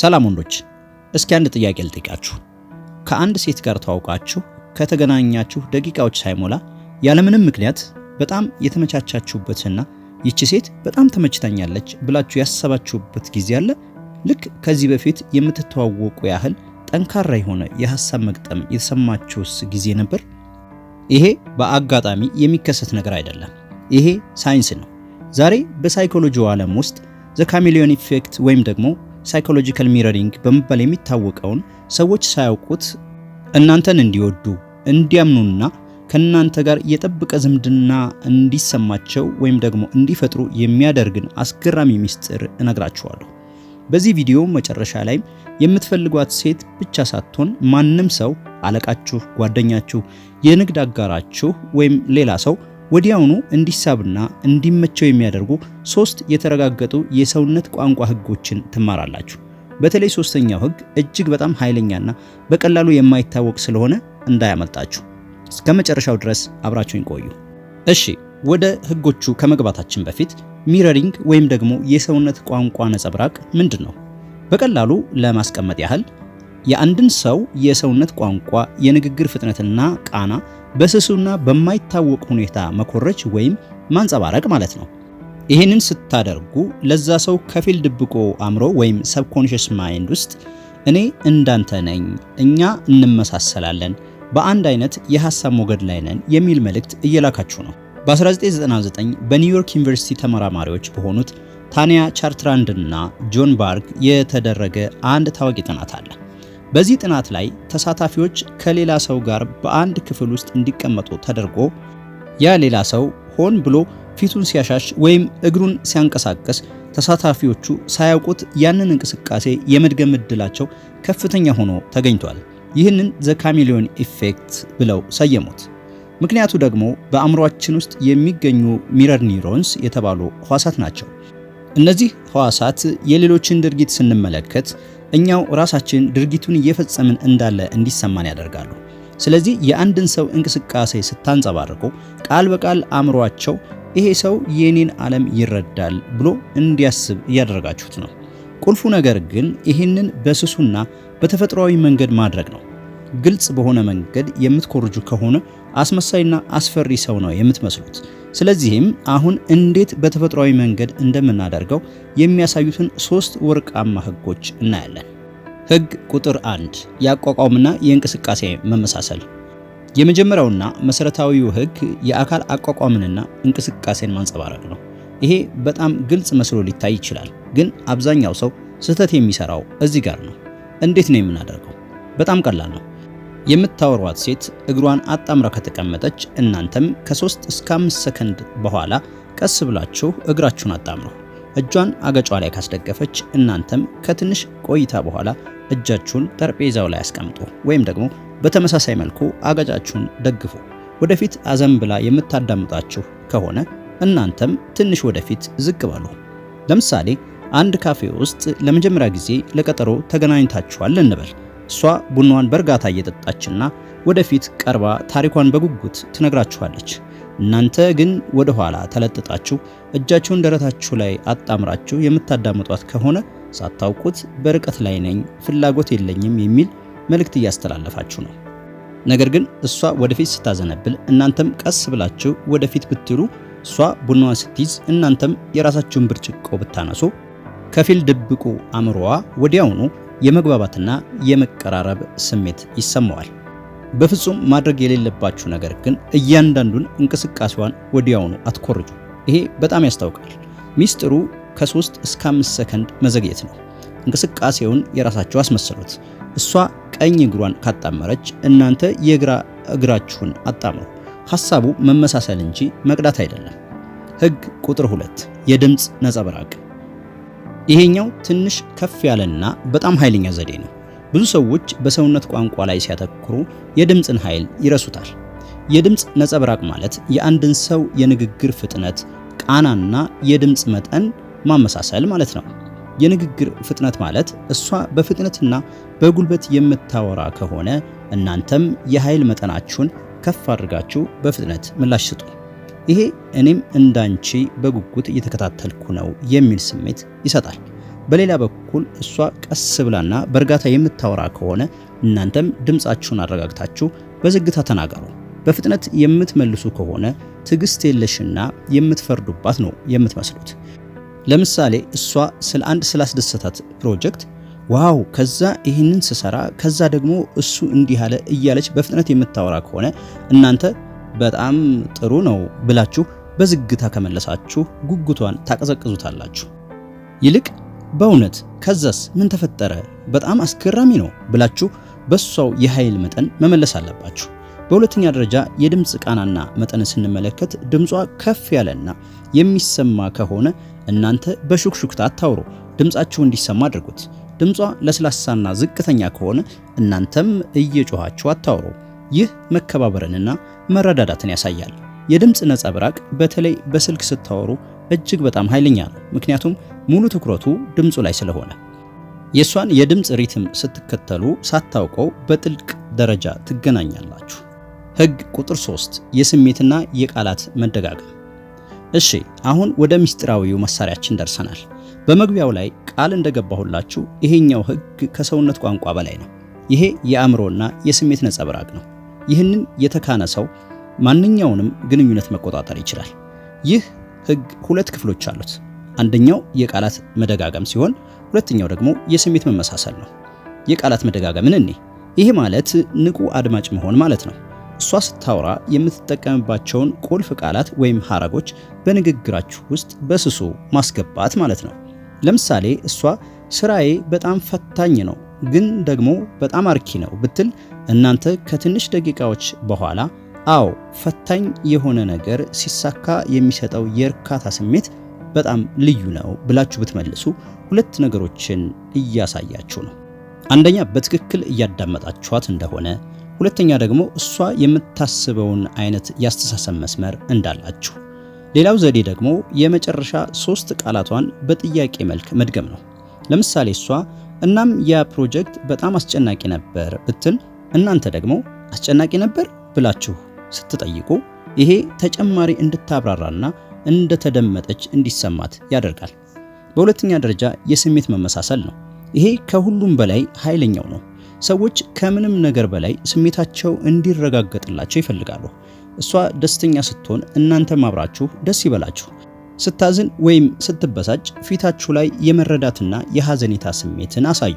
ሰላም ወንዶች፣ እስኪ አንድ ጥያቄ ልጠይቃችሁ። ከአንድ ሴት ጋር ተዋውቃችሁ ከተገናኛችሁ ደቂቃዎች ሳይሞላ ያለምንም ምክንያት በጣም የተመቻቻችሁበትና ይቺ ሴት በጣም ተመችታኛለች ብላችሁ ያሰባችሁበት ጊዜ አለ? ልክ ከዚህ በፊት የምትተዋወቁ ያህል ጠንካራ የሆነ የሐሳብ መግጠም የተሰማችሁስ ጊዜ ነበር? ይሄ በአጋጣሚ የሚከሰት ነገር አይደለም። ይሄ ሳይንስ ነው። ዛሬ በሳይኮሎጂው ዓለም ውስጥ ዘ ኢፌክት ወይም ደግሞ ሳይኮሎጂካል ሚረሪንግ በመባል የሚታወቀውን ሰዎች ሳያውቁት እናንተን እንዲወዱ እንዲያምኑና ከእናንተ ጋር የጠበቀ ዝምድና እንዲሰማቸው ወይም ደግሞ እንዲፈጥሩ የሚያደርግን አስገራሚ ሚስጥር እነግራችኋለሁ። በዚህ ቪዲዮ መጨረሻ ላይ የምትፈልጓት ሴት ብቻ ሳትሆን ማንም ሰው አለቃችሁ፣ ጓደኛችሁ፣ የንግድ አጋራችሁ ወይም ሌላ ሰው ወዲያውኑ እንዲሳብና እንዲመቸው የሚያደርጉ ሶስት የተረጋገጡ የሰውነት ቋንቋ ህጎችን ትማራላችሁ። በተለይ ሶስተኛው ህግ እጅግ በጣም ኃይለኛና በቀላሉ የማይታወቅ ስለሆነ እንዳያመልጣችሁ። እስከ መጨረሻው ድረስ አብራችሁኝ ቆዩ። እሺ፣ ወደ ህጎቹ ከመግባታችን በፊት ሚረሪንግ ወይም ደግሞ የሰውነት ቋንቋ ነጸብራቅ ምንድን ነው? በቀላሉ ለማስቀመጥ ያህል የአንድን ሰው የሰውነት ቋንቋ፣ የንግግር ፍጥነትና ቃና በስሱና በማይታወቅ ሁኔታ መኮረች ወይም ማንጸባረቅ ማለት ነው። ይህንን ስታደርጉ ለዛ ሰው ከፊል ድብቆ አእምሮ ወይም ሰብኮንሽስ ማይንድ ውስጥ እኔ እንዳንተ ነኝ፣ እኛ እንመሳሰላለን፣ በአንድ አይነት የሐሳብ ሞገድ ላይ ነን የሚል መልእክት እየላካችሁ ነው። በ1999 በኒውዮርክ ዩኒቨርሲቲ ተመራማሪዎች በሆኑት ታንያ ቻርትራንድ እና ጆን ባርግ የተደረገ አንድ ታዋቂ ጥናት አለ። በዚህ ጥናት ላይ ተሳታፊዎች ከሌላ ሰው ጋር በአንድ ክፍል ውስጥ እንዲቀመጡ ተደርጎ ያ ሌላ ሰው ሆን ብሎ ፊቱን ሲያሻሽ ወይም እግሩን ሲያንቀሳቀስ ተሳታፊዎቹ ሳያውቁት ያንን እንቅስቃሴ የመድገም እድላቸው ከፍተኛ ሆኖ ተገኝቷል። ይህንን ዘ ካሜሊዮን ኢፌክት ብለው ሰየሙት። ምክንያቱ ደግሞ በአእምሯችን ውስጥ የሚገኙ ሚረር ኒውሮንስ የተባሉ ህዋሳት ናቸው። እነዚህ ህዋሳት የሌሎችን ድርጊት ስንመለከት እኛው ራሳችን ድርጊቱን እየፈጸምን እንዳለ እንዲሰማን ያደርጋሉ። ስለዚህ የአንድን ሰው እንቅስቃሴ ስታንጸባርቁ ቃል በቃል አእምሯቸው ይሄ ሰው የኔን ዓለም ይረዳል ብሎ እንዲያስብ እያደረጋችሁት ነው። ቁልፉ ነገር ግን ይህንን በስሱና በተፈጥሯዊ መንገድ ማድረግ ነው። ግልጽ በሆነ መንገድ የምትኮርጁ ከሆነ አስመሳይና አስፈሪ ሰው ነው የምትመስሉት። ስለዚህም አሁን እንዴት በተፈጥሯዊ መንገድ እንደምናደርገው የሚያሳዩትን ሶስት ወርቃማ ህጎች እናያለን። ህግ ቁጥር አንድ የአቋቋምና የእንቅስቃሴ መመሳሰል። የመጀመሪያውና መሰረታዊው ህግ የአካል አቋቋምንና እንቅስቃሴን ማንጸባረቅ ነው። ይሄ በጣም ግልጽ መስሎ ሊታይ ይችላል፣ ግን አብዛኛው ሰው ስህተት የሚሰራው እዚህ ጋር ነው። እንዴት ነው የምናደርገው? በጣም ቀላል ነው። የምታወሯት ሴት እግሯን አጣምራ ከተቀመጠች እናንተም ከ3 እስከ 5 ሰከንድ በኋላ ቀስ ብላችሁ እግራችሁን አጣምሩ። እጇን አገጯ ላይ ካስደገፈች እናንተም ከትንሽ ቆይታ በኋላ እጃችሁን ጠረጴዛው ላይ አስቀምጡ፣ ወይም ደግሞ በተመሳሳይ መልኩ አገጫችሁን ደግፉ። ወደፊት አዘን ብላ የምታዳምጣችሁ ከሆነ እናንተም ትንሽ ወደፊት ዝቅ በሉ። ለምሳሌ አንድ ካፌ ውስጥ ለመጀመሪያ ጊዜ ለቀጠሮ ተገናኝታችኋል እንበል። እሷ ቡናዋን በእርጋታ እየጠጣችና ወደፊት ቀርባ ታሪኳን በጉጉት ትነግራችኋለች። እናንተ ግን ወደ ኋላ ተለጥጣችሁ እጃችሁን ደረታችሁ ላይ አጣምራችሁ የምታዳምጧት ከሆነ ሳታውቁት በርቀት ላይ ነኝ፣ ፍላጎት የለኝም የሚል መልእክት እያስተላለፋችሁ ነው። ነገር ግን እሷ ወደፊት ስታዘነብል እናንተም ቀስ ብላችሁ ወደፊት ብትሉ፣ እሷ ቡናዋን ስትይዝ እናንተም የራሳችሁን ብርጭቆ ብታነሱ ከፊል ድብቁ አእምሮዋ ወዲያውኑ የመግባባትና የመቀራረብ ስሜት ይሰማዋል። በፍጹም ማድረግ የሌለባችሁ ነገር ግን እያንዳንዱን እንቅስቃሴዋን ወዲያውኑ አትኮርጁ። ይሄ በጣም ያስታውቃል። ሚስጥሩ ከ3 እስከ 5 ሰከንድ መዘግየት ነው። እንቅስቃሴውን የራሳችሁ አስመሰሉት። እሷ ቀኝ እግሯን ካጣመረች እናንተ የግራ እግራችሁን አጣምሩ። ሐሳቡ መመሳሰል እንጂ መቅዳት አይደለም። ህግ ቁጥር 2 የድምፅ ነጸብራቅ ይሄኛው ትንሽ ከፍ ያለና በጣም ኃይለኛ ዘዴ ነው። ብዙ ሰዎች በሰውነት ቋንቋ ላይ ሲያተኩሩ የድምፅን ኃይል ይረሱታል። የድምፅ ነጸብራቅ ማለት የአንድን ሰው የንግግር ፍጥነት፣ ቃናና የድምፅ መጠን ማመሳሰል ማለት ነው። የንግግር ፍጥነት ማለት እሷ በፍጥነትና በጉልበት የምታወራ ከሆነ እናንተም የኃይል መጠናችሁን ከፍ አድርጋችሁ በፍጥነት ምላሽ ስጡ። ይሄ እኔም እንዳንቺ በጉጉት እየተከታተልኩ ነው የሚል ስሜት ይሰጣል። በሌላ በኩል እሷ ቀስ ብላና በእርጋታ የምታወራ ከሆነ እናንተም ድምፃችሁን አረጋግታችሁ በዝግታ ተናገሩ። በፍጥነት የምትመልሱ ከሆነ ትዕግስት የለሽና የምትፈርዱባት ነው የምትመስሉት። ለምሳሌ እሷ ስለ አንድ ስላስደሰታት ፕሮጀክት ዋው ከዛ ይህንን ስሰራ ከዛ ደግሞ እሱ እንዲህ አለ እያለች በፍጥነት የምታወራ ከሆነ እናንተ በጣም ጥሩ ነው ብላችሁ በዝግታ ከመለሳችሁ ጉጉቷን ታቀዘቅዙታላችሁ። ይልቅ በእውነት ከዛስ ምን ተፈጠረ በጣም አስገራሚ ነው ብላችሁ በሷው የኃይል መጠን መመለስ አለባችሁ። በሁለተኛ ደረጃ የድምፅ ቃናና መጠን ስንመለከት ድምጿ ከፍ ያለና የሚሰማ ከሆነ እናንተ በሹክሹክታ አታውሩ፣ ድምፃችሁ እንዲሰማ አድርጉት። ድምጿ ለስላሳና ዝቅተኛ ከሆነ እናንተም እየጮኋችሁ አታውሩ። ይህ መከባበርንና መረዳዳትን ያሳያል። የድምፅ ነጸብራቅ በተለይ በስልክ ስታወሩ እጅግ በጣም ኃይለኛ ነው፣ ምክንያቱም ሙሉ ትኩረቱ ድምፁ ላይ ስለሆነ። የእሷን የድምፅ ሪትም ስትከተሉ ሳታውቀው በጥልቅ ደረጃ ትገናኛላችሁ። ህግ ቁጥር 3 የስሜትና የቃላት መደጋገም። እሺ አሁን ወደ ምስጢራዊው መሳሪያችን ደርሰናል። በመግቢያው ላይ ቃል እንደገባሁላችሁ ይሄኛው ህግ ከሰውነት ቋንቋ በላይ ነው። ይሄ የአእምሮና የስሜት ነጸብራቅ ነው። ይህንን የተካነ ሰው ማንኛውንም ግንኙነት መቆጣጠር ይችላል። ይህ ህግ ሁለት ክፍሎች አሉት። አንደኛው የቃላት መደጋገም ሲሆን፣ ሁለተኛው ደግሞ የስሜት መመሳሰል ነው። የቃላት መደጋገምን እኔ ይሄ ማለት ንቁ አድማጭ መሆን ማለት ነው። እሷ ስታወራ የምትጠቀምባቸውን ቁልፍ ቃላት ወይም ሀረጎች በንግግራችሁ ውስጥ በስሱ ማስገባት ማለት ነው። ለምሳሌ እሷ ስራዬ በጣም ፈታኝ ነው ግን ደግሞ በጣም አርኪ ነው ብትል እናንተ ከትንሽ ደቂቃዎች በኋላ አዎ ፈታኝ የሆነ ነገር ሲሳካ የሚሰጠው የእርካታ ስሜት በጣም ልዩ ነው ብላችሁ ብትመልሱ ሁለት ነገሮችን እያሳያችሁ ነው። አንደኛ በትክክል እያዳመጣችኋት እንደሆነ፣ ሁለተኛ ደግሞ እሷ የምታስበውን አይነት ያስተሳሰብ መስመር እንዳላችሁ። ሌላው ዘዴ ደግሞ የመጨረሻ ሶስት ቃላቷን በጥያቄ መልክ መድገም ነው። ለምሳሌ እሷ እናም ያ ፕሮጀክት በጣም አስጨናቂ ነበር ብትል እናንተ ደግሞ አስጨናቂ ነበር ብላችሁ ስትጠይቁ ይሄ ተጨማሪ እንድታብራራና እንደተደመጠች እንዲሰማት ያደርጋል። በሁለተኛ ደረጃ የስሜት መመሳሰል ነው። ይሄ ከሁሉም በላይ ኃይለኛው ነው። ሰዎች ከምንም ነገር በላይ ስሜታቸው እንዲረጋገጥላቸው ይፈልጋሉ። እሷ ደስተኛ ስትሆን እናንተም አብራችሁ ደስ ይበላችሁ። ስታዝን ወይም ስትበሳጭ ፊታችሁ ላይ የመረዳትና የሐዘኔታ ስሜትን አሳዩ።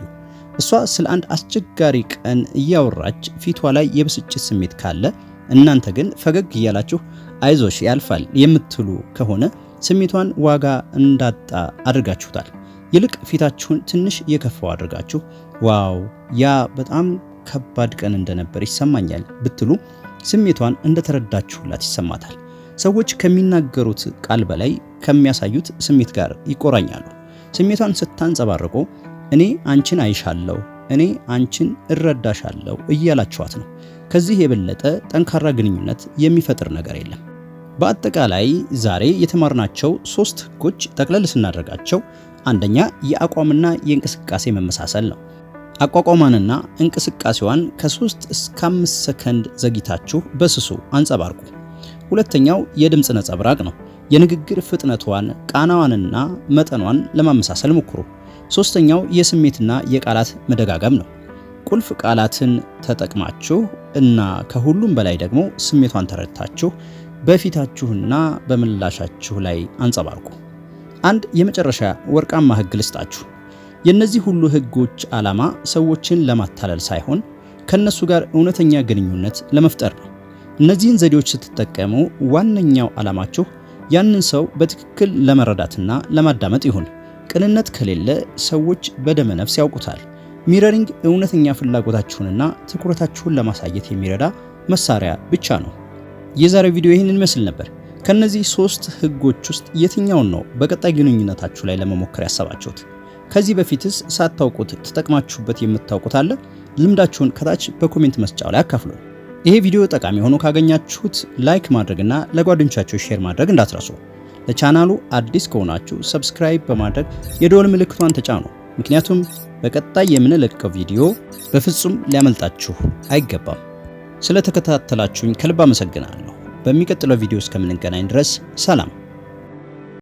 እሷ ስለ አንድ አስቸጋሪ ቀን እያወራች ፊቷ ላይ የብስጭት ስሜት ካለ እናንተ ግን ፈገግ እያላችሁ አይዞሽ ያልፋል የምትሉ ከሆነ ስሜቷን ዋጋ እንዳጣ አድርጋችሁታል። ይልቅ ፊታችሁን ትንሽ የከፋው አድርጋችሁ ዋው ያ በጣም ከባድ ቀን እንደነበር ይሰማኛል ብትሉ ስሜቷን እንደተረዳችሁላት ይሰማታል። ሰዎች ከሚናገሩት ቃል በላይ ከሚያሳዩት ስሜት ጋር ይቆራኛሉ። ስሜቷን ስታንጸባርቁ እኔ አንቺን አይሻለሁ፣ እኔ አንቺን እረዳሻለሁ እያላችኋት ነው። ከዚህ የበለጠ ጠንካራ ግንኙነት የሚፈጥር ነገር የለም። በአጠቃላይ ዛሬ የተማርናቸው ሶስት ህጎች ጠቅለል ስናደርጋቸው፣ አንደኛ የአቋምና የእንቅስቃሴ መመሳሰል ነው። አቋቋሟንና እንቅስቃሴዋን ከ3 እስከ 5 ሰከንድ ዘግይታችሁ በስሱ አንጸባርቁ። ሁለተኛው የድምፅ ነጸብራቅ ነው። የንግግር ፍጥነቷን፣ ቃናዋንና መጠኗን ለማመሳሰል ሞክሩ። ሶስተኛው የስሜትና የቃላት መደጋገም ነው። ቁልፍ ቃላትን ተጠቅማችሁ እና ከሁሉም በላይ ደግሞ ስሜቷን ተረድታችሁ በፊታችሁና በምላሻችሁ ላይ አንጸባርቁ። አንድ የመጨረሻ ወርቃማ ህግ ልስጣችሁ። የእነዚህ ሁሉ ህጎች ዓላማ ሰዎችን ለማታለል ሳይሆን ከእነሱ ጋር እውነተኛ ግንኙነት ለመፍጠር ነው። እነዚህን ዘዴዎች ስትጠቀሙ ዋነኛው ዓላማችሁ ያንን ሰው በትክክል ለመረዳትና ለማዳመጥ ይሁን። ቅንነት ከሌለ ሰዎች በደመ ነፍስ ያውቁታል። ሚረሪንግ እውነተኛ ፍላጎታችሁንና ትኩረታችሁን ለማሳየት የሚረዳ መሳሪያ ብቻ ነው። የዛሬው ቪዲዮ ይህንን ይመስል ነበር። ከነዚህ ሶስት ህጎች ውስጥ የትኛውን ነው በቀጣይ ግንኙነታችሁ ላይ ለመሞከር ያሰባችሁት? ከዚህ በፊትስ ሳታውቁት ተጠቅማችሁበት የምታውቁት አለ? ልምዳችሁን ከታች በኮሜንት መስጫው ላይ አካፍሉ። ይሄ ቪዲዮ ጠቃሚ ሆኖ ካገኛችሁት ላይክ ማድረግና ለጓደኞቻችሁ ሼር ማድረግ እንዳትረሱ። ለቻናሉ አዲስ ከሆናችሁ ሰብስክራይብ በማድረግ የደወል ምልክቷን ተጫኑ። ምክንያቱም በቀጣይ የምንለቀው ቪዲዮ በፍጹም ሊያመልጣችሁ አይገባም። ስለተከታተላችሁኝ ከልብ አመሰግናለሁ። በሚቀጥለው ቪዲዮ እስከምንገናኝ ድረስ ሰላም።